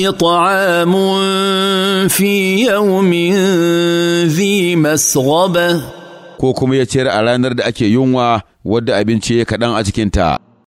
إطعام في يوم ذي مسغبة ko kuma ya ciyar a ranar da ake yunwa wadda abinci kaɗan a cikinta.